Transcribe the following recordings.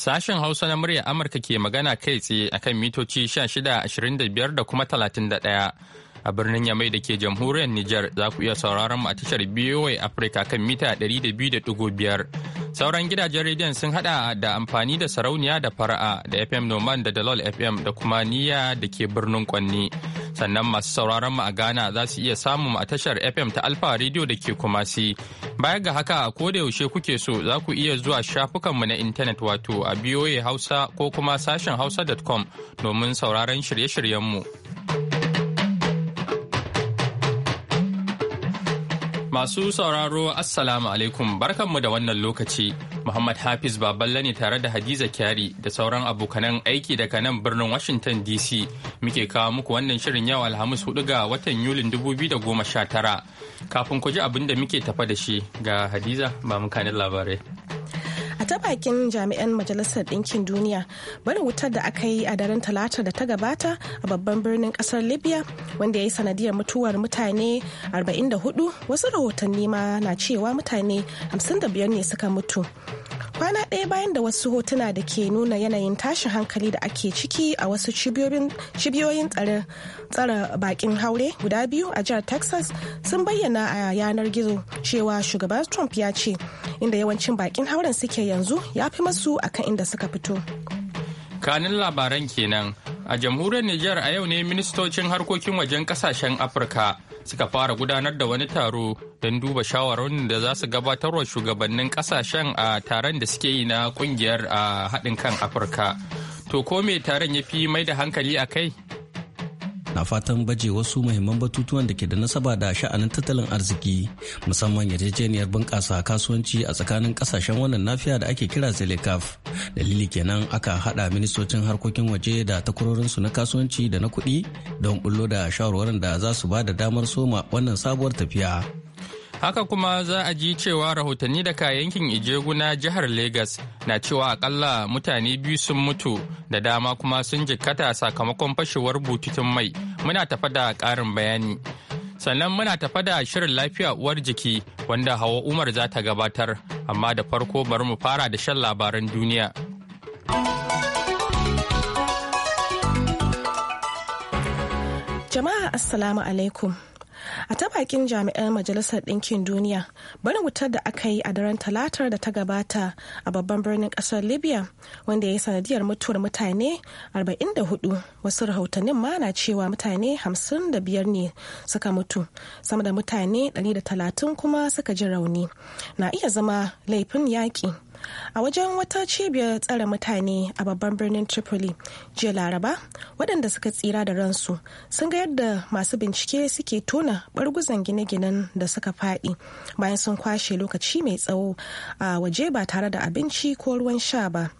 Sashen Hausa na muryar Amurka ke magana kai tsaye akan mitoci 16, 25 da kuma 31. a birnin Yamai da ke jamhuriyar Nijar za ku iya sauraron mu a tashar BOA Africa kan mita 200.5. Sauran gidajen rediyon sun hada da amfani da sarauniya da fara'a da FM Noman da Dalol FM da kuma Niyya da ke birnin Kwanni. Sannan masu sauraron mu a Ghana za su iya samun a tashar FM ta Alfa Radio da ke Kumasi. Baya ga haka a koda yaushe kuke so za ku iya zuwa shafukanmu na intanet wato a BOA Hausa ko kuma sashen Hausa.com domin sauraron shirye-shiryenmu. mu. Masu sauraro Assalamu alaikum barkanmu da wannan lokaci. Muhammad Hafiz Baballe ne tare da Hadiza Kyari da sauran abokanan aiki daga nan birnin Washington DC. Muke kawo muku wannan shirin yau Alhamis 4 ga watan Yulin 2019. Kafin ku ji abin da muke tafa da shi ga Hadiza ba mukanin labarai. a ta bakin jami'an majalisar ɗinkin duniya barin wutar da aka yi a daren talata da ta gabata a babban birnin ƙasar libya wanda ya yi sanadiyar mutuwar mutane 44 wasu rahotanni ma na cewa mutane 55 ne suka mutu kwana ɗaya bayan da wasu hotuna da ke nuna yanayin tashin hankali da ake ciki a wasu cibiyoyin tsare bakin haure guda biyu a jihar texas sun bayyana a yanar gizo cewa shugaban trump ya ce inda yawancin bakin hauren suke yanzu ya fi masu akan inda suka fito kanin labaran kenan A jamhuriyar Nijar a yau ne ministocin harkokin wajen kasashen Afirka suka fara gudanar da wani taro don duba shawarwarin da za su gabatar wa shugabannin kasashen a taron da suke yi na kungiyar haɗin kan Afirka. To ko me taron ya fi mai da hankali a kai? na fatan baje wasu muhimman batutuwan da ke da nasaba da sha'anin tattalin arziki musamman yarjejeniyar bunƙasa kasuwanci a tsakanin ƙasashen wannan nafiya da ake kira zelekaf dalili kenan aka haɗa ministocin harkokin waje da takwarorinsu na kasuwanci da na kuɗi don bullo da shawarwarin da za su ba da damar soma wannan sabuwar tafiya Haka kuma za a ji cewa rahotanni daga yankin Ijegu na jihar Legas na cewa akalla mutane biyu sun mutu da dama kuma sun jikkata sakamakon fashewar bututun mai. Muna tafa da ƙarin bayani. Sannan muna tafa da shirin lafiya uwar jiki wanda Hawa Umar za ta gabatar, amma da farko bari mu fara da shan labaran duniya. Jama'a Assalamu alaikum. a ta bakin jami'an majalisar ɗinkin duniya barin wutar da aka yi a daren talatar da ta gabata a babban birnin ƙasar libya wanda ya yi sanadiyar mutuwar mutane 44 wasu rahotannin ma na cewa mutane 55 ne suka mutu sama da mutane 130 kuma suka ji rauni na iya zama laifin yaƙi a wajen wata cibiyar tsare mutane a babban birnin tripoli jiya laraba waɗanda suka tsira da ransu sun ga yadda masu bincike suke tona ɓarguzan gine-ginen da suka faɗi bayan sun kwashe lokaci mai tsawo a waje ba tare da abinci ko ruwan sha ba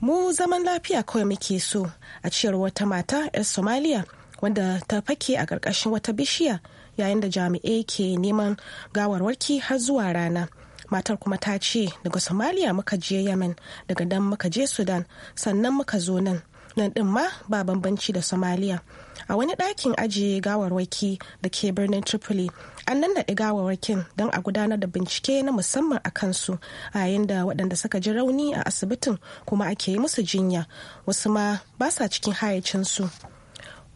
mu zaman lafiya kawai muke so a cewar wata mata 'yar somalia wanda ta fake a ƙarƙashin wata bishiya yayin da jami'ai ke neman gawarwarki har zuwa rana matar kuma ta ce daga somalia muka je yamen daga dan muka je sudan sannan muka zo nan nan din ma ba bambanci da somalia a wani ɗakin ajiye gawarwaki da ke birnin tripoli an nan nannaɗe gawarwakin don a gudanar da bincike na musamman a kansu a yayin da waɗanda suka ji rauni a asibitin kuma ake yi musu jinya wasu ma ba sa cikin hayacinsu. su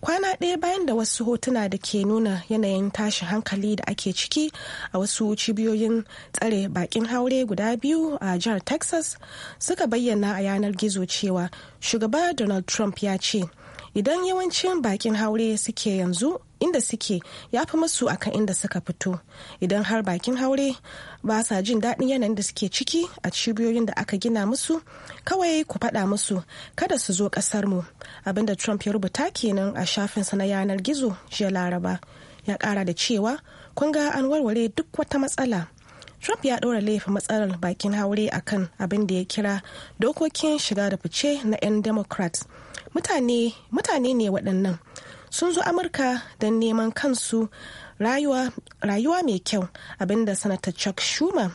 kwana ɗaya bayan da wasu hotuna da ke nuna yanayin tashin hankali da ake ciki a wasu cibiyoyin tsare bakin haure guda biyu a jihar texas suka bayyana a yanar gizo cewa shugaba donald trump ya ce idan yawancin bakin haure suke yanzu inda suke ya fi musu akan inda suka fito idan har bakin haure ba sa jin daɗin yanayin da suke ciki a cibiyoyin da aka gina musu kawai ku faɗa musu kada su zo ƙasar mu abinda trump ya rubuta kenan a shafinsa na yanar gizo jiya laraba ya ƙara da cewa kun ga an warware duk wata matsala Trump ya ɗora laifin matsalar bakin haure akan abin da ya kira dokokin shiga da fice na 'yan Democrats. Mutane, mutane ne waɗannan sun zo amurka don neman kansu rayuwa mai kyau abinda sanata chuck schumer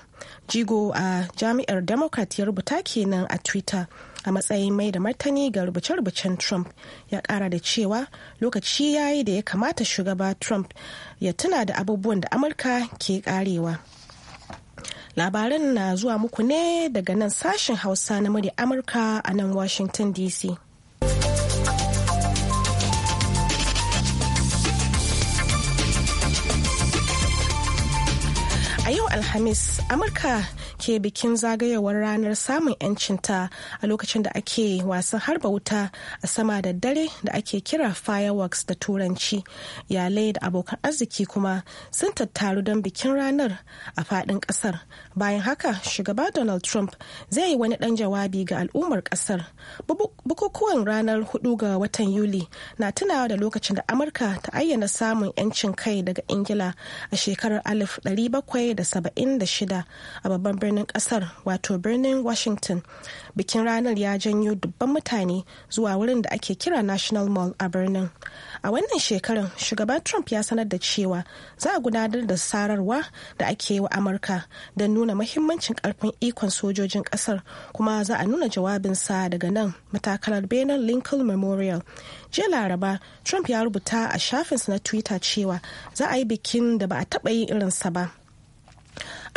jigo a jami'ar democrat ya rubuta kenan a twitter a matsayin mai da martani ga rubuce-rubucen trump ya kara da cewa lokaci ya yi da ya kamata shugaba trump ya tuna da abubuwan da amurka ke karewa labaran na zuwa muku ne daga nan sashen hausa na murya amurka a nan washington dc Alhamis, Amurka ke bikin zagayowar ranar samun 'yancinta a lokacin da ake wasan harba wuta a sama da dare da ake kira fireworks da turanci. Iyalai da abokan arziki kuma sun tattaru don bikin ranar a fadin kasar Bayan haka, shugaba Donald Trump zai yi wani ɗan jawabi ga al'ummar kasar Bukukuwan ranar 4 ga watan Yuli na tunawa da lokacin da Amurka ta ayyana samun 'yancin kai daga Ingila a shekarar 1770. 46 a babban birnin kasar wato birnin washington bikin ranar ya janyo dubban mutane zuwa wurin da ake kira national mall a birnin a wannan shekarar shugaban trump ya sanar da cewa za a gudanar da sararwa da ake yi wa amurka don nuna mahimmancin karfin ikon sojojin kasar kuma za a nuna jawabinsa daga nan matakalar benin lincoln memorial jiya laraba trump ya rubuta a shafinsa na twitter cewa za a yi bikin da ba a taɓa yi irinsa ba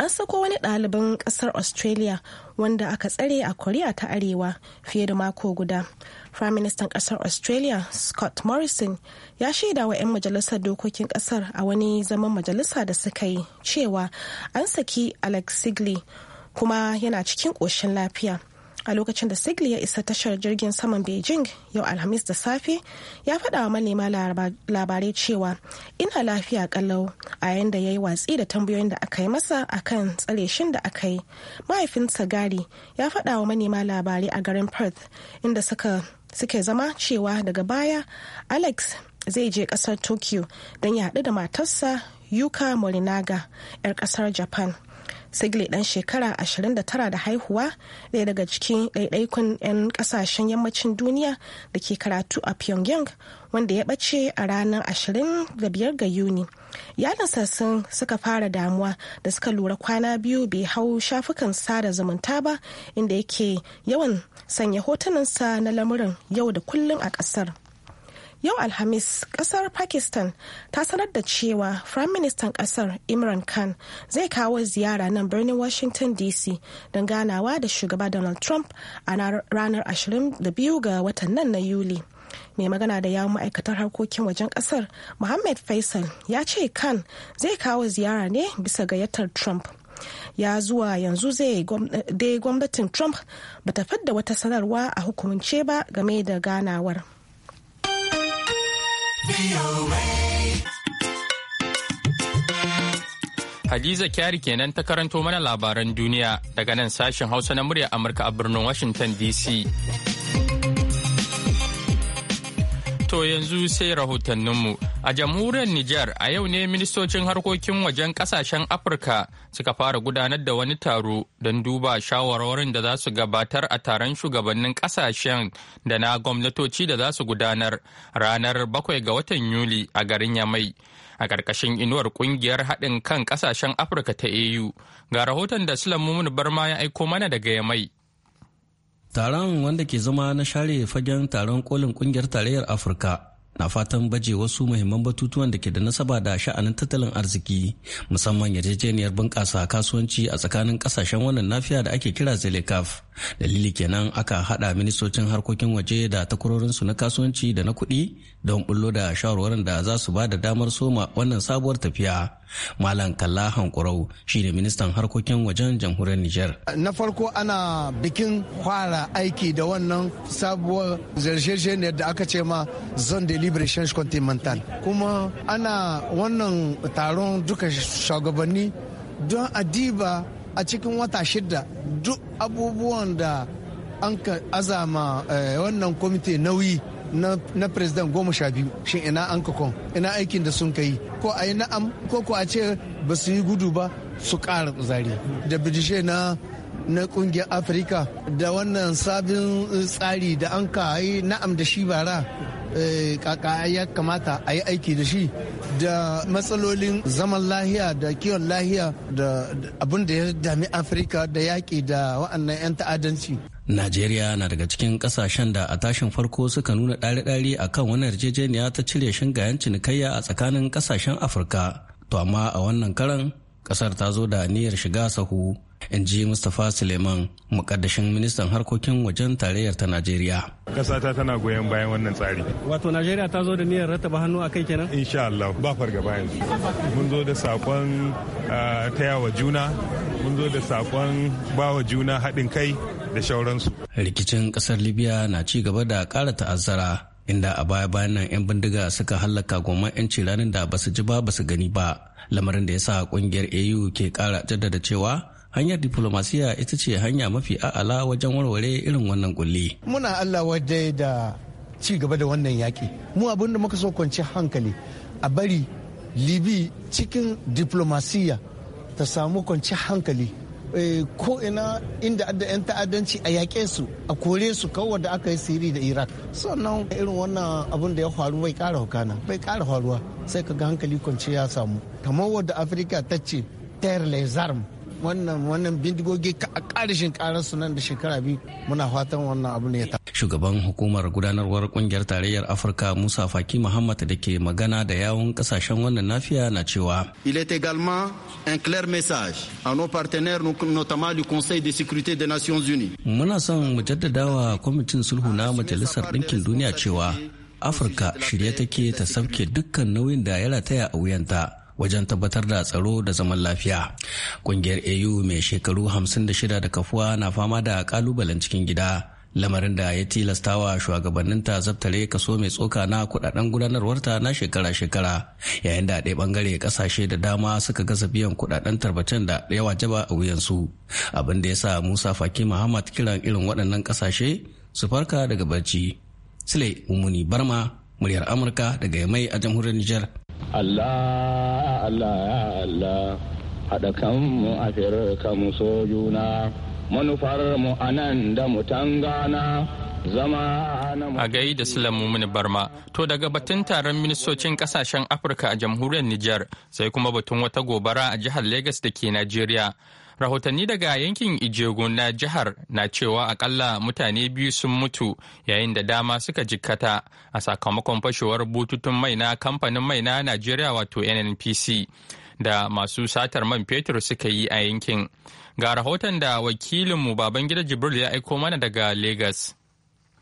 an sako wani ɗaliban ƙasar australia wanda aka tsare a korea ta arewa fiye da mako guda prime minister ƙasar australia scott morrison ya shaida wa 'yan majalisar dokokin ƙasar a wani zaman majalisa da suka yi cewa an saki alex sigley kuma yana cikin ƙoshin lafiya a lokacin da sigli ya isa tashar jirgin saman beijing yau alhamis da safe ya faɗa wa manema labarai cewa ina lafiya kalau a yayin da ya yi watsi da tambayoyin da aka yi masa akan tsare shin da aka yi mahaifinsa gari ya faɗa wa manema labarai a garin perth inda suke zama cewa daga baya alex zai je kasar tokyo don ya haɗu da matarsa yuka morinaga 'yar kasar japan sigli dan shekara 29 da haihuwa ɗaya daga cikin ɗaiɗaikun 'yan ƙasashen yammacin duniya da ke karatu a pyongyang wanda ya ɓace a ranar 25 ga yuni yaransa sun suka fara damuwa da suka lura kwana biyu bai hau shafukan sada zumunta ba inda yake yawan sanya hotunansa na lamurin yau da kullum a ƙasar. yau alhamis kasar pakistan ta sanar da cewa prime minister kasar imran khan zai kawo ziyara nan birnin washington dc don ganawa da shugaba donald trump a ranar 22 ga watan nan na yuli mai magana da yawon ma'aikatar harkokin wajen kasar mohammed faisal ya ce khan zai kawo ziyara ne bisa gayyatar trump ya zuwa yanzu zai dai gwamnatin trump bata fadda wata sanarwa a hukumance ba game da ganawar. Hadiza Kyari kenan ta karanto mana labaran duniya daga nan sashen Hausa na murya Amurka a birnin Washington DC. To yanzu sai rahotanninmu. A jamhuriyar Nijar a yau ne ministocin harkokin wajen kasashen Afirka suka fara gudanar da wani taro don duba shawarwarin da za su gabatar a taron shugabannin kasashen da na gwamnatoci da za su gudanar ranar bakwai ga watan Yuli a garin Yamai. A ƙarƙashin inuwar ƙungiyar haɗin kan ƙasashen Afirka ta AU. Ga rahoton da Sulaimun Barma ya aiko mana daga Yamai. Taron wanda ke zama na share fagen taron kolin kungiyar tarayyar Afirka na fatan baje wasu muhimman batutuwan da ke da nasaba da sha'anin tattalin arziki musamman yarjejeniyar bunƙasa kasuwanci a tsakanin ƙasashen wannan nafiya da ake kira zelekaf dalili kenan aka haɗa ministocin harkokin waje da takwarorinsu na kasuwanci da na kuɗi don bullo da shawarwarin da za su ba da damar soma wannan sabuwar tafiya malam kalla hankurau shine ministan harkokin wajen jamhuriyar niger na farko ana bikin fara aiki da wannan sabuwar zarshesheniyar da aka ce ma zandeli libre continental kuma ana wannan taron duka shugabanni don adiba a cikin wata shida duk abubuwan da an ka azama eh, wannan kwamite nauyi na president goma sha biyu shin ina an ka kon ina aikin da sun kai ko a yi na'am ko ko a ce ba su yi gudu ba su ƙara kuzari da bidishe na na kungiyar afirka da wannan sabin eh, tsari da an ka yi na'am da shi bara Eh, kaka ya kamata a yi aiki da shi da matsalolin zaman lahiya da kiwon lahiya da abin da ya dami afirka da yaƙi da wa'annan 'yan ta'adanci Najeriya na daga cikin kasashen da a tashin farko suka nuna ɗari-ɗari a kan wani yarjejeniya ta cire shingayen cinikayya a tsakanin kasashen Afirka. To amma a wannan karan ƙasar ta zo da niyyar shiga sahu in ji mustapha suleiman mukaddashin ministan harkokin wajen tarayyar ta najeriya kasata tana goyon bayan wannan tsari wato najeriya ta zo da niyyar rattaba hannu a kai kenan insha allah ba fargaba yanzu mun zo da sakon wa juna mun zo da sakon bawa juna haɗin kai da shauransu rikicin ƙasar libya na ci gaba da ƙara ta'azzara inda a baya bayan nan 'yan bindiga suka hallaka goma 'yanci ranar da basu ji ba basu gani ba lamarin da ya sa kungiyar au ke kara jaddada cewa hanyar diplomasiya ita ce hanya mafi a'ala wajen warware irin wannan kulli muna allah wadai da ci gaba da wannan yaƙi mu abin da muka so kwanci hankali a bari libi cikin diplomasiya ta samu kwanci hankali eh, ko ina inda adda 'yan ta'addanci a yaƙe su a kore su kawai da aka yi siri da iraq sannan irin wannan abun da ya faru bai ƙara hukana bai ƙara faruwa sai ka ga hankali kwanci ya samu kamar wadda afirka ta ce tayar wannan wannan bindigogi a ƙarishin ƙaransu nan da shekara biyu muna fatan wannan abu ne ya shugaban hukumar gudanarwar kungiyar tarayyar afirka musa faki muhammad da ke magana da yawon kasashen wannan nafiya na cewa il est également un clair message à nos partenaires notamment du conseil de sécurité des nations unies muna son mu jaddadawa kwamitin sulhu na majalisar ɗinkin duniya cewa afirka shirye take ta sauke dukkan nauyin da ya rataya a wuyanta wajen tabbatar da tsaro da zaman lafiya kungiyar au mai shekaru 56 da kafuwa na fama da kalubalen cikin gida lamarin da ya tilastawa shugabanninta zaftare kaso mai tsoka na kudaden gudanarwarta na shekara-shekara yayin da ɗaya bangare kasashe da dama suka gasa biyan kudaden tarbacin da ya wajaba a wuyansu abin da ya sa musa faki muhammad kiran irin waɗannan kasashe su farka daga barci sule umuni barma muryar amurka daga mai a jamhuriyar nijar allah allah allah haɗa kanmu a kanmu so juna manufar mu anan da mu tangana A gai da Sulamu mini Barma, to daga batun taron ministocin kasashen Afirka a jamhuriyar Nijar sai kuma batun wata gobara a jihar Legas da ke Najeriya. rahotanni daga yankin ijegun na jihar na cewa akalla mutane biyu sun mutu yayin da dama suka jikkata a sakamakon fashewar bututun mai na kamfanin mai na najeriya wato nnpc da masu satar man fetur suka yi a yankin ga rahoton da wakilinmu babangida jibril ya aiko mana daga lagos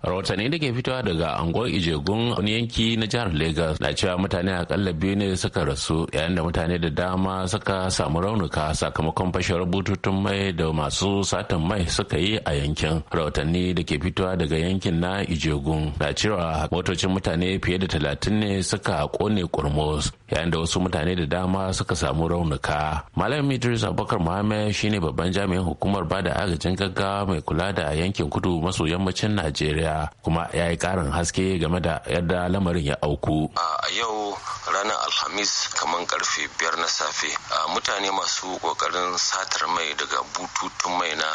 rahotanni da ke fitowa daga angon ijegun wani yanki na jihar lagos na cewa mutane akalla biyu ne suka rasu yayin da mutane da dama suka samu raunuka sakamakon fashewar bututun mai da masu satan mai suka yi a yankin rahotanni da ke fitowa daga yankin na ijegun na cewa motocin mutane fiye da talatin ne suka kone kurmus yayin da wasu mutane da dama suka samu raunuka malam idris abubakar muhammad shine babban jami'in hukumar bada agajin gaggawa mai kula da yankin kudu maso yammacin najeriya kuma ya yi karin haske game da yadda lamarin ya auku a yau ranar alhamis kamar karfe biyar na safe mutane masu kokarin satar mai daga bututun mai na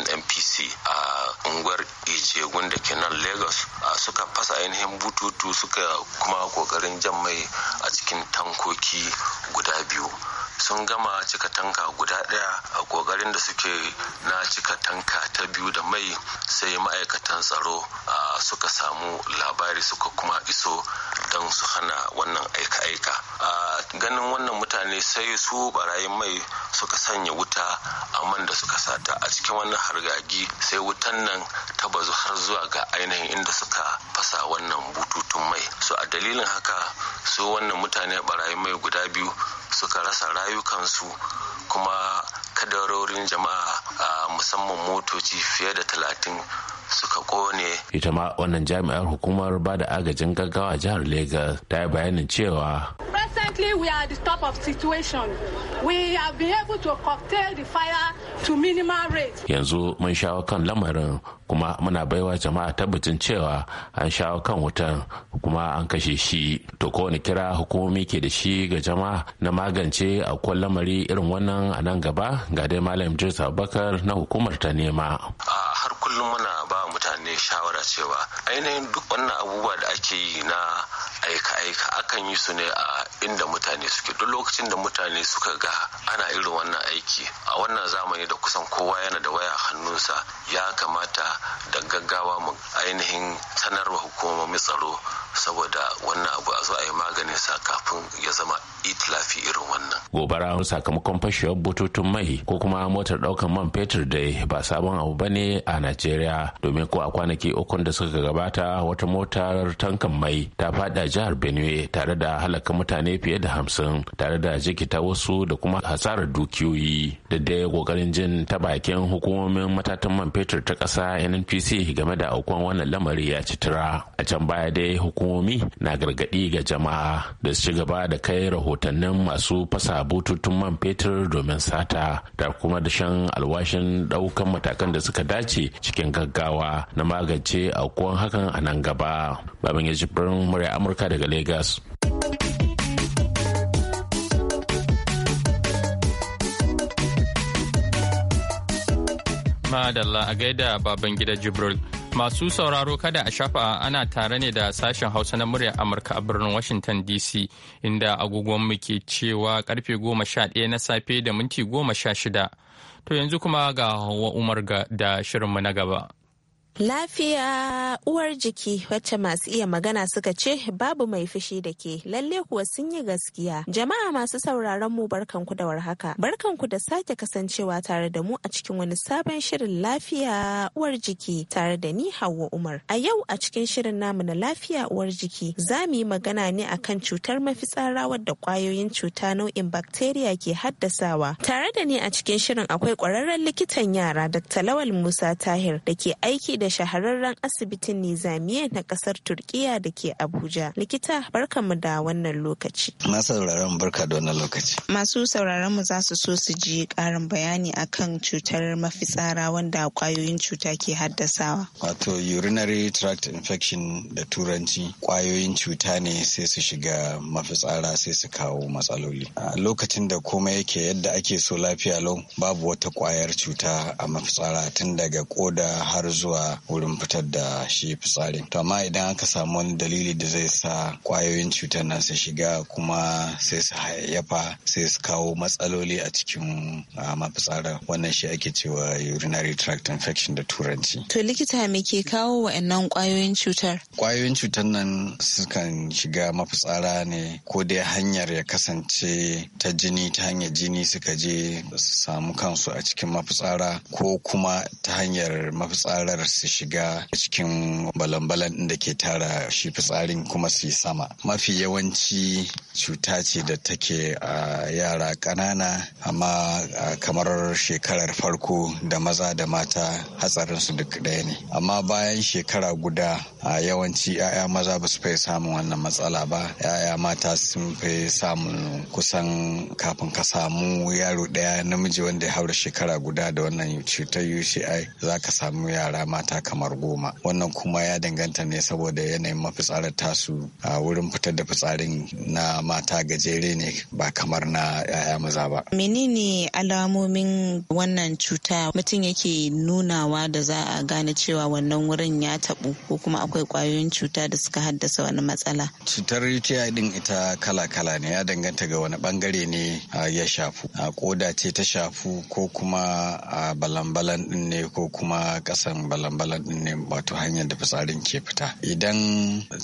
nnpc a unguwar ijegun da kenan nan lagos suka fasa ainihin bututu suka kuma kokarin jan mai a cikin tankoki guda biyu sun gama cika tanka guda ɗaya a ƙoƙarin da suke na cika tanka ta biyu da mai sai ma'aikatan tsaro suka samu labari suka kuma iso don su hana wannan aika-aika a ganin wannan mutane sai su barayin mai suka sanya wuta a man da suka sata a cikin wannan hargagi sai wutan nan ta bazu har zuwa ga ainihin inda suka fasa wannan bututun mai so a dalilin haka su wannan mutane barayin mai guda biyu suka rasa rayu rayukansu kuma kadarorin jama'a a musamman motoci fiye da talatin suka kone. Ita ma wannan jami'ar hukumar ba da agajin gaggawa jihar Legas ta yi bayanin cewa. Currently, we are at the top of situation. We have been able to curtail the fire to minimal rate. Yanzu mun shawo kan lamarin kuma muna baiwa jama'a tabbacin cewa an shawo kan wutan kuma an kashe shi. To kowane kira hukumomi ke da shi ga jama'a na magance a lamari irin wannan a nan gaba ga dai Malam Idris Abubakar na hukumar ta nema. Har kullum muna ba mutane shawara cewa ainihin duk wannan abubuwa da ake yi na aika-aika akan yi su ne a inda mutane suke duk lokacin da mutane suka ga ana irin wannan aiki a wannan zamani da kusan kowa yana da waya hannunsa ya kamata da gaggawa mu ainihin sanarwa hukumomin tsaro saboda wannan abu a zo a yi maganin sa kafin ya zama itilafi irin wannan gobara sakamakon fashewar bututun mai ko kuma motar daukan man fetur da ba sabon abu bane a najeriya domin ko a kwanaki ukun da suka gabata wata motar tankan mai ta fada jihar benue tare da halaka mutane fiye da hamsin tare da jikita wasu da kuma hasarar dukiyoyi da dai kokarin jin ta bakin hukumomin matatan man fetur ta kasa nnpc game da aukuwan wannan lamari ya ci a can baya dai hukumomi na gargadi ga jama'a da su gaba da kai rahotannin masu fasa bututun man fetur domin sata da kuma da shan alwashin ɗaukan matakan da suka dace cikin gaggawa na magance aukuwan hakan a nan gaba babin ya murya amurka daga lagos Madalla a gaida baban gida Jibril. Masu sauraro kada a shafa ana tare ne da sashen Hausa na muryar Amurka a birnin Washington DC inda agogon ke cewa karfe goma sha ɗaya na safe da minti goma sha shida. To yanzu kuma ga Hauwa Umar da shirinmu na gaba. Lafiya uwar jiki wacce masu iya magana suka ce babu mai fushi da ke lalle kuwa sun yi gaskiya. Jama'a masu sauraron mu barkanku da warhaka. Barkanku da sake kasancewa tare da mu a cikin wani sabon shirin lafiya uwar jiki tare da ni Hauwa Umar. A yau a cikin shirin namu na lafiya uwar jiki za mu yi magana ne akan cutar mafitsara wadda kwayoyin cuta nau'in bakteriya ke haddasawa. Tare da ni a cikin shirin akwai kwararren likitan yara Dr. Lawal Musa Tahir da ke aiki da da shahararren asibitin nizamiya na kasar turkiya da ke abuja likita barka mu da wannan lokaci masu sauraron barka da wannan lokaci masu sauraron mu za su so su ji karin bayani akan cutar mafitsara wanda kwayoyin cuta ke haddasawa wato urinary tract infection da turanci kwayoyin cuta ne sai su shiga mafitsara sai su kawo matsaloli a lokacin da komai yake yadda ake so lafiya lau babu wata kwayar cuta a mafitsara tun daga koda har zuwa wurin fitar da shi fitsarin to amma idan aka samu wani dalili da zai sa kwayoyin cutar nan su shiga kuma sai su hayayyafa sai su kawo matsaloli a cikin mafitsarar wannan shi ake cewa urinary tract infection da turanci to likita me ke kawo wa'annan kwayoyin cutar kwayoyin cutar nan sukan shiga mafitsara ne ko dai hanyar ya kasance ta jini ta hanyar jini suka je su samu kansu a cikin mafitsara ko kuma ta hanyar mafitsarar su shiga cikin balan-balan da ke tara shi fitsarin kuma su yi sama mafi yawanci cuta ce da take a yara ƙanana amma kamar shekarar farko da maza da mata hatsarin su duk ɗaya ne amma bayan shekara guda a yawanci 'ya'ya maza ba su fai samun wannan matsala ba 'ya'ya mata sun fai samun kusan kafin ka samu yaro ɗaya namiji wanda ya haura shekara guda da wannan cutar uci za ka samu yara mata mata kamar goma wannan kuma ya danganta ne saboda yanayin mafitsarar tasu a wurin fitar da fitsarin na mata gajere ne ba kamar na yaya maza ba menene alamomin wannan cuta mutum yake nunawa da za a gane cewa wannan wurin ya taɓu ko kuma akwai kwayoyin cuta da suka haddasa wani matsala cutar UTI din ita kala-kala ne ya danganta ga wani bangare ne ya shafu a koda ce ta shafu ko kuma a balan-balan din ne ko kuma ƙasan balan balan din ne wato hanyar da fitsarin ke fita idan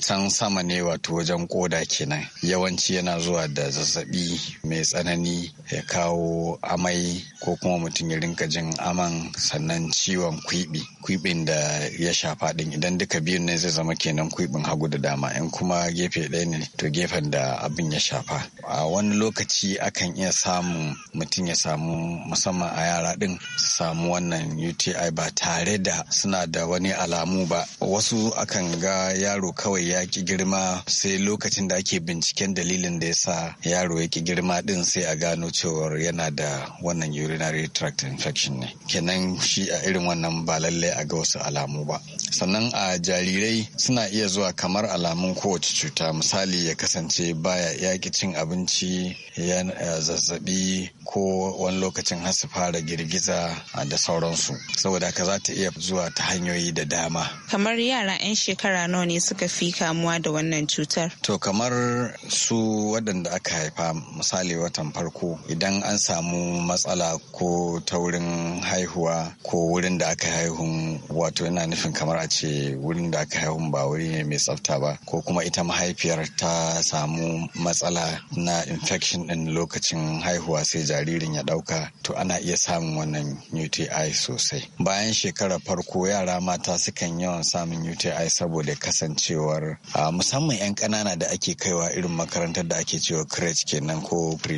can sama ne wato wajen koda kenan yawanci yana zuwa da zazzabi mai tsanani ya kawo amai ko kuma mutum ya rinka jin aman sannan ciwon kwibi kwibin da ya shafa din idan duka biyun ne zai zama kenan kwibin hagu da dama in kuma gefe ɗaya ne to gefen da abin ya shafa a wani lokaci akan iya samun mutum ya samu musamman a yara din su samu wannan uti ba tare da suna da wani alamu ba wasu akan ga yaro kawai ya ki girma sai lokacin da ake binciken dalilin da ya sa yaro ya ki girma din sai a gano cewar yana da wannan urinary tract infection ne kenan shi a irin wannan ba lallai a ga wasu alamu ba sannan a jarirai suna iya zuwa kamar alamun kowace cuta misali ya kasance baya ki cin abinci ya zazzabi ko wani lokacin har su fara girgiza da sauransu saboda haka za ta iya zuwa ta hanyoyi da dama. Kamar yara 'yan shekara nawa ne suka fi kamuwa da wannan cutar? To kamar su waɗanda aka haifa misali watan farko idan an samu matsala ko ta wurin haihuwa ko wurin da aka haihun wato yana nufin kamar a ce wurin da aka haihun ba wuri ne mai tsafta ba ko kuma ita mahaifiyar ta samu matsala na infection ɗin lokacin haihuwa sai jaririn ya ɗauka to ana iya samun wannan UTI sosai. Bayan shekarar farko yara yara mata sukan yawan samun UTI saboda kasancewar musamman 'yan kanana da ake kaiwa irin makarantar da ake cewa crèche kenan ko pre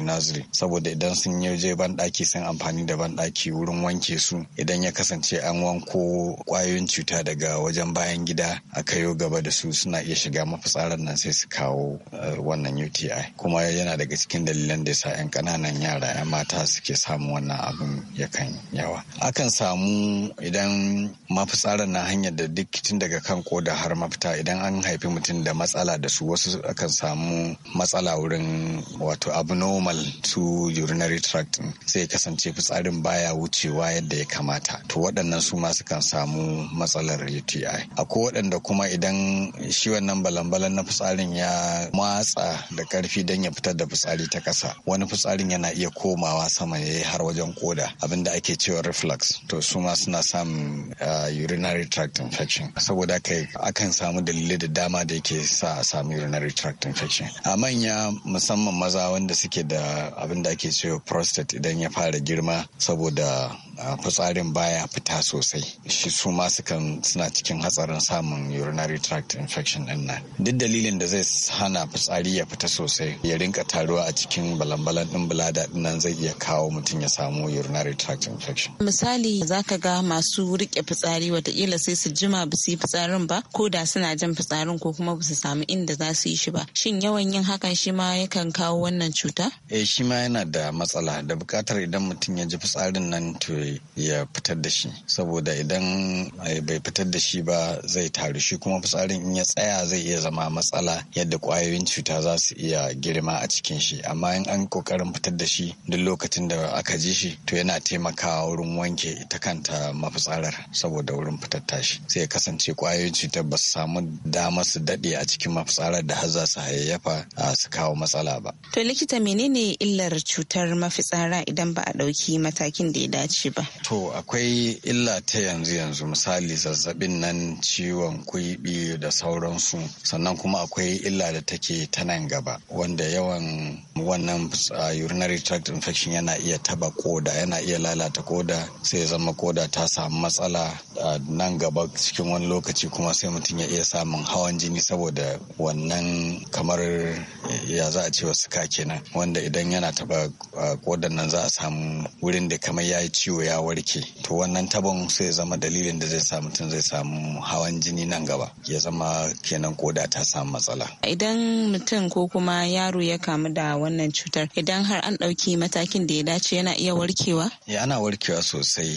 saboda idan sun yi je banɗaki sun amfani da banɗaki wurin wanke su idan ya kasance an wanko ƙwayoyin cuta daga wajen bayan gida a kayo gaba da su suna iya shiga mafitsarar nan sai su kawo wannan UTI kuma yana daga cikin dalilan da yasa 'yan kananan yara 'yan mata suke samun wannan abin yakan yawa akan samu idan mafitsarar mafitsarar na hanyar da duk tun daga kan koda har mafita idan an haifi mutum da matsala da su wasu akan samu matsala wurin wato abnormal to urinary tract sai kasance fitsarin baya wucewa yadda ya kamata to waɗannan su ma sukan samu matsalar UTI akwai waɗanda kuma idan shi wannan balan na fitsarin ya matsa da karfi don ya fitar da fitsari ta kasa wani fitsarin yana iya komawa sama ya har wajen koda abinda ake cewa reflux to su ma suna samun uh, urinary tract infection saboda kai akan samu dalilai da dama da yake sa a samu urinary tract infection a manya musamman maza wanda suke da abin da ake cewa prostate idan ya fara girma saboda Ah, fitsarin baya fita sosai shi su ma sukan suna cikin hatsarin samun urinary tract infection din nan duk dalilin da zai hana fitsari ya fita sosai ya rinka taruwa a cikin balambalan din bulada din nan zai iya kawo mutum ya samu urinary tract infection misali zaka ga masu rike fitsari watakila sai su jima ba su yi fitsarin ba ko da suna jan fitsarin ko kuma ba su samu inda za su yi shi ba shin yawan yin hakan shi ma yakan kawo wannan cuta eh shi ma yana da matsala da bukatar idan mutum ya ji fitsarin nan to ya fitar da shi saboda idan eh, bai fitar da shi ba zai taru shi kuma fitsarin in ya tsaya zai iya zama matsala yadda kwayoyin cuta za su iya girma a cikin shi amma in an kokarin fitar da shi duk lokacin da aka ji shi to yana taimakawa wurin wanke ita kanta mafitsarar saboda wurin fitar tashi sai ya kasance kwayoyin cutar ba su samu dama su daɗe a cikin mafitsarar da har za su hayayyafa su kawo matsala ba. To likita menene illar cutar mafitsara idan ba a ɗauki matakin da ya dace ba? ba. To akwai illa ta yanzu yanzu misali zazzabin nan ciwon kuibi da sauransu sannan kuma akwai illa da take ta nan gaba wanda yawan wannan urinary tract infection yana iya taba koda yana iya lalata koda sai zama koda ta samu matsala nan gaba cikin wani lokaci kuma sai mutum ya iya samun hawan jini saboda wannan kamar ya za a cewa suka kenan wanda idan yana taba kodan nan za a samu wurin da kamar ya yi ciwo ya warke to wannan tabon sai zama dalilin da zai sa mutum zai samu hawan jini nan gaba ya zama kenan koda ta samu matsala idan mutum ko kuma yaro ya kamu da wannan cutar idan har an ɗauki matakin da ya dace yana iya warkewa ya eh, ana warkewa sosai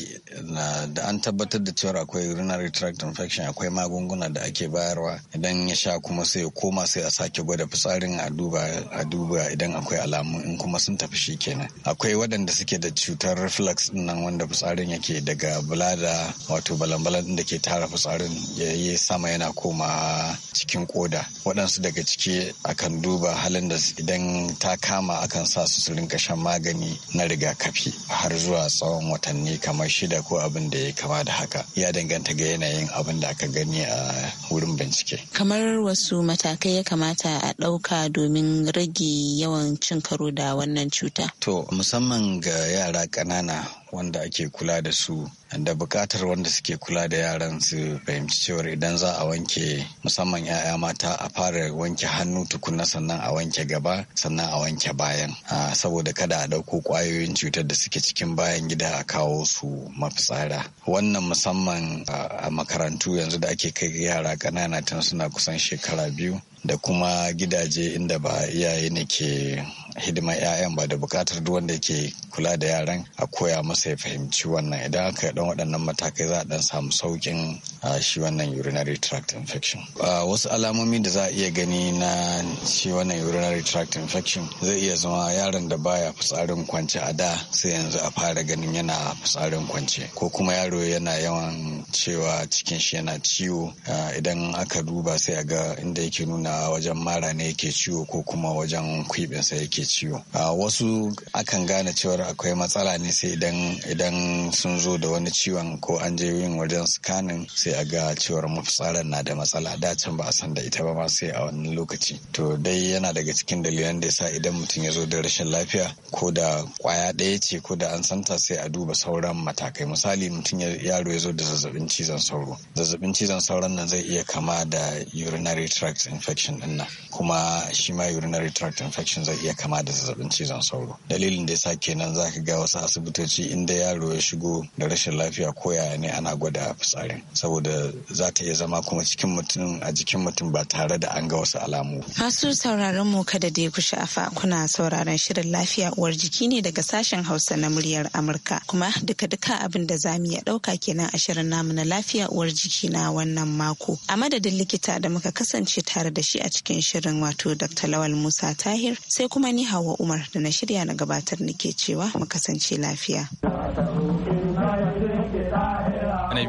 da an tabbatar da cewa akwai urinary tract infection akwai magunguna da ake bayarwa idan ya sha kuma sai ya koma sai a sake gwada fitsarin a duba a duba idan akwai alamu in kuma sun tafi shi kenan akwai waɗanda suke da cutar reflux nan wanda da fitsarin yake daga bulada wato balan-balan da ke tara fitsarin ya yi sama yana koma cikin koda waɗansu daga ciki akan duba halin da idan ta kama akan sa su su rinka shan magani na rigakafi har zuwa tsawon watanni kamar shida ko abin da ya kama da haka ya danganta ga yanayin abin da aka gani a wurin bincike kamar wasu matakai ya kamata a ɗauka domin rage yawan cin karo da wannan cuta to musamman ga yara ƙanana wanda ake kula da su da bukatar wanda suke kula da yaran su fahimci cewar idan za a wanke musamman 'ya'ya mata a fara wanke hannu tukunna sannan a wanke gaba sannan a wanke bayan saboda kada a dauko kwayoyin cutar da suke cikin bayan gida a kawo su mafitsara wannan musamman a makarantu yanzu da ake kai yara ƙanana tun suna kusan shekara biyu da kuma gidaje inda ba iyaye ne ke hidimar 'ya'yan ba da buƙatar duk wanda yake kula da yaran a koya masa ya fahimci wannan idan aka ɗan waɗannan matakai za a dan samu sauƙin Ah, shi wannan urinary tract infection ah, wasu alamomi da za a iya gani na shi wannan urinary tract infection zai iya zama yaron da baya fitsarin kwance a da sai yanzu a fara ganin yana fitsarin kwance ko kuma yaro yana yawan cewa cikin shi yana ciwo ah, idan aka duba sai a ga inda yake nuna wajen mara ne yake ciwo ko kuma wajen kwibinsa yake ciwo wasu akan gane cewar akwai matsala ne sai idan sun zo da wani ciwon ko an je yin wajen scanning sai a ga cewar mafitsarar na da matsala da can ba a san da ita ba ma sai a wannan lokaci to dai yana daga cikin dalilan da yasa idan mutum ya zo da rashin lafiya ko da kwaya ɗaya ce ko da an santa sai a duba sauran matakai misali mutum yaro ya zo da zazzabin cizon sauro zazzabin cizon sauran nan zai iya kama da urinary tract infection din nan kuma shi ma urinary tract infection zai iya kama da zazzabin cizon sauro dalilin da yasa kenan za ka ga wasu asibitoci inda yaro ya shigo da rashin lafiya ko yaya ne ana gwada fitsarin saboda saboda za ta iya zama kuma cikin mutum a jikin mutum ba tare da an ga wasu alamu. Masu sauraron mu kada da ya ku sha'afa kuna sauraron shirin lafiya uwar jiki ne daga sashen Hausa na muryar Amurka kuma duka-duka abin da za mu iya ɗauka kenan a shirin namu na lafiya uwar jiki na wannan mako. A madadin likita da muka kasance tare da shi a cikin shirin wato Dr. Lawal Musa Tahir sai kuma ni Hawa Umar da na shirya na gabatar nake cewa mu kasance lafiya.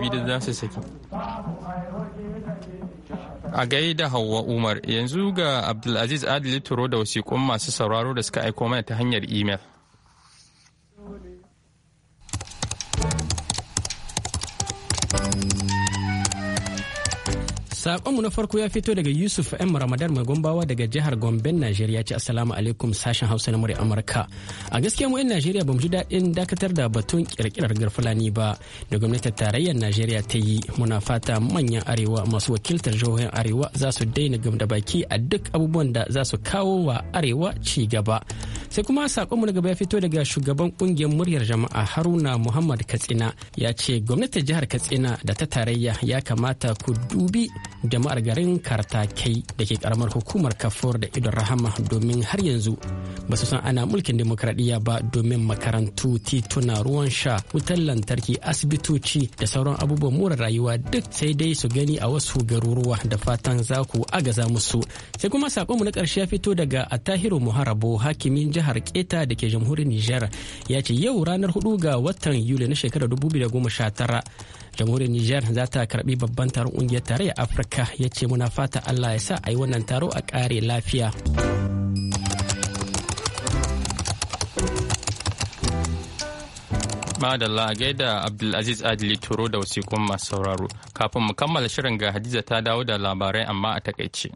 da za su saki a gaida Hauwa Umar yanzu ga Abdulaziz Adili Turo da wasiƙun masu sauraro da suka aiko mana ta hanyar imel. Sakonmu na farko ya fito daga Yusuf M. Ramadan mai gombawa daga jihar Gombe, Najeriya ce Assalamu alaikum sashen Hausa na murya Amurka. A gaskiya mu 'yan Najeriya mu ji daɗin dakatar da batun kirkirar garfulani ba da gwamnatin tarayyar Najeriya ta yi muna fata manyan arewa masu wakiltar jihohin arewa za su daina gamda baki a duk abubuwan da za su kawo wa arewa ci gaba. sai kuma sakonmu na gaba ya fito daga shugaban kungiyar muryar jama'a haruna muhammad katsina ya ce gwamnatin jihar katsina da ta tarayya ya kamata ku dubi jama'ar garin kartakai da ke karamar hukumar kafur da idon rahama domin har yanzu ba su san ana mulkin demokradiyya ba domin makarantu tituna ruwan sha wutar lantarki asibitoci da sauran abubuwan more rayuwa duk sai dai su gani a wasu garuruwa da fatan za ku agaza musu sai kuma sakonmu na ƙarshe ya fito daga atahiru muharabo hakimin jihar keta da ke jamhuriyar niger ya ce yau ranar 4 ga watan yuli na shekarar 2019 jamhuriyar niger za ta karbi babban taron kungiyar tarayyar afirka ya ce muna fata allah ya sa a yi wannan taro a ƙare lafiya Madalla a gaida Abdulaziz Adili Turo da wasikun masu sauraro. Kafin mu kammala shirin ga Hadiza ta dawo da labarai amma a takaice.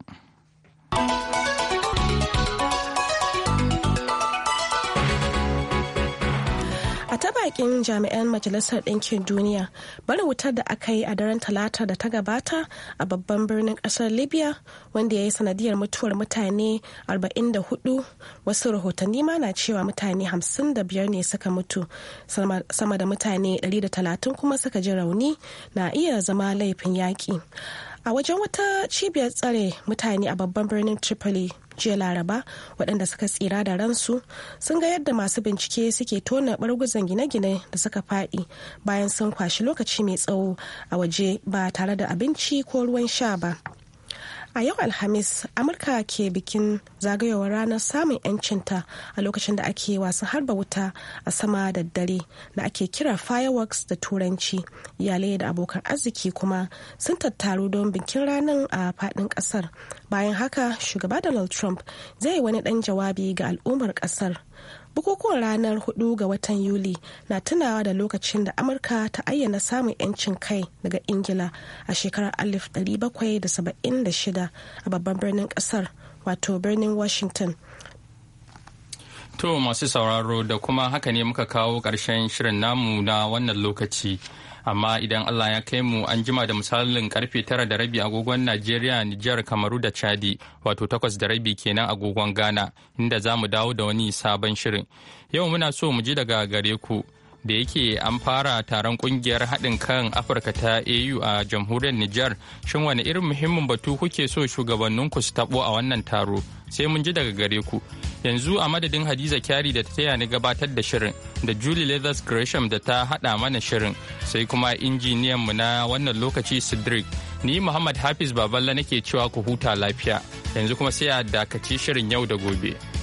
mawaƙin jami'an majalisar ɗinkin duniya bari wutar da aka yi a daren talata da ta gabata a babban birnin ƙasar libya wanda ya yi sanadiyar mutuwar mutane 44 wasu rahotanni ma na cewa mutane 55 ne suka mutu sama da mutane 130 kuma suka ji rauni na iya zama laifin yaƙi a wajen wata cibiyar tsare mutane a babban birnin tripoli jiya laraba waɗanda suka tsira da ransu sun ga yadda masu bincike suke tona barguzan gine-gine da suka faɗi bayan sun kwashi lokaci mai tsawo a waje ba tare da abinci ko ruwan sha ba a yau alhamis amurka ke bikin zagayowar ranar samun 'yancinta a lokacin da ake wasan harba wuta a sama da dare da ake kira fireworks da turanci iyalai da abokan arziki kuma sun tattaru don bikin ranar a fadin kasar bayan haka shugaba donald trump zai yi wani dan jawabi ga al'ummar kasar bukukuwan ranar 4 ga watan yuli na tunawa da lokacin da amurka ta ayyana samun 'yancin kai daga ingila a shekarar 1776 a babban birnin kasar wato birnin washington to masu sauraro da kuma haka ne muka kawo ƙarshen shirin namu na wannan lokaci amma idan allah ya kai mu an jima da misalin karfe tara da rabi agogon najeriya nijar kamaru da chadi wato takwas da rabi kenan agogon ghana inda za mu dawo da wani sabon shirin yau muna so mu ji daga gare ku da yake an fara taron kungiyar haɗin kan afirka ta au a jamhuriyar niger shin wani irin muhimmin batu kuke so shugabanninku su taɓo a wannan taro sai mun ji daga gare ku yanzu a madadin hadiza kyari da ta taya ni gabatar da shirin da julie leathers gresham da ta haɗa mana shirin sai kuma injiniyan mu na wannan lokaci cedric ni muhammad hafiz baballa nake cewa ku huta lafiya yanzu kuma sai a dakaci shirin yau da gobe.